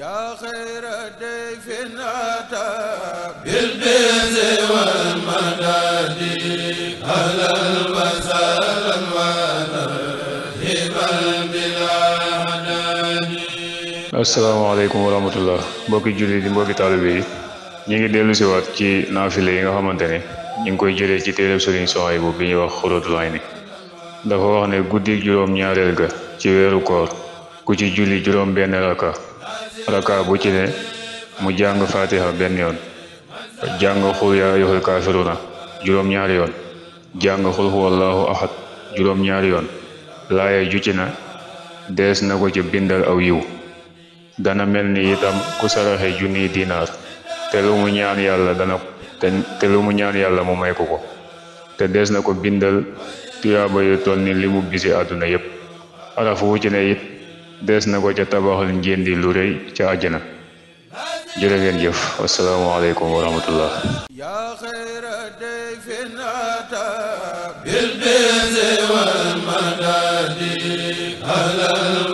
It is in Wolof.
yaa xayra dayfin ataa bil bizi wal madadi wa sahlan wa tarhiban bila adadi yi ñu ngi dellu si waat ci naafile yi nga xamante ne ñu ngi koy jëlee ci téereb Sëriñ Suhaybu bi ñuy wax Xurratul Ayni dafa wax ne guddi juróom ñaareel ga ci weeru koor ku ci julli juróom benn raka raka bu ci mu jàng fatiha benn yoon jàng xul yaa ayyuhal kaafiruuna juróom-ñaari yoon jàng xul huwallaahu ahad juróom-ñaari yoon laaya ju na dees na ko ci bindal aw yiw dana mel ni itam ku saraxe junniy dinaar te lu mu ñaan yàlla dana te lu mu ñaan yàlla mu may ko ko te dees na ko bindal tuyaaba yu ni li mu bisi àdduna yépp araf wu ci ne dees na ko ca tabaxal njëndi lu rëy ca àjjana jërë ngeen jëf asalaamaaleykum wa rahmatullah bil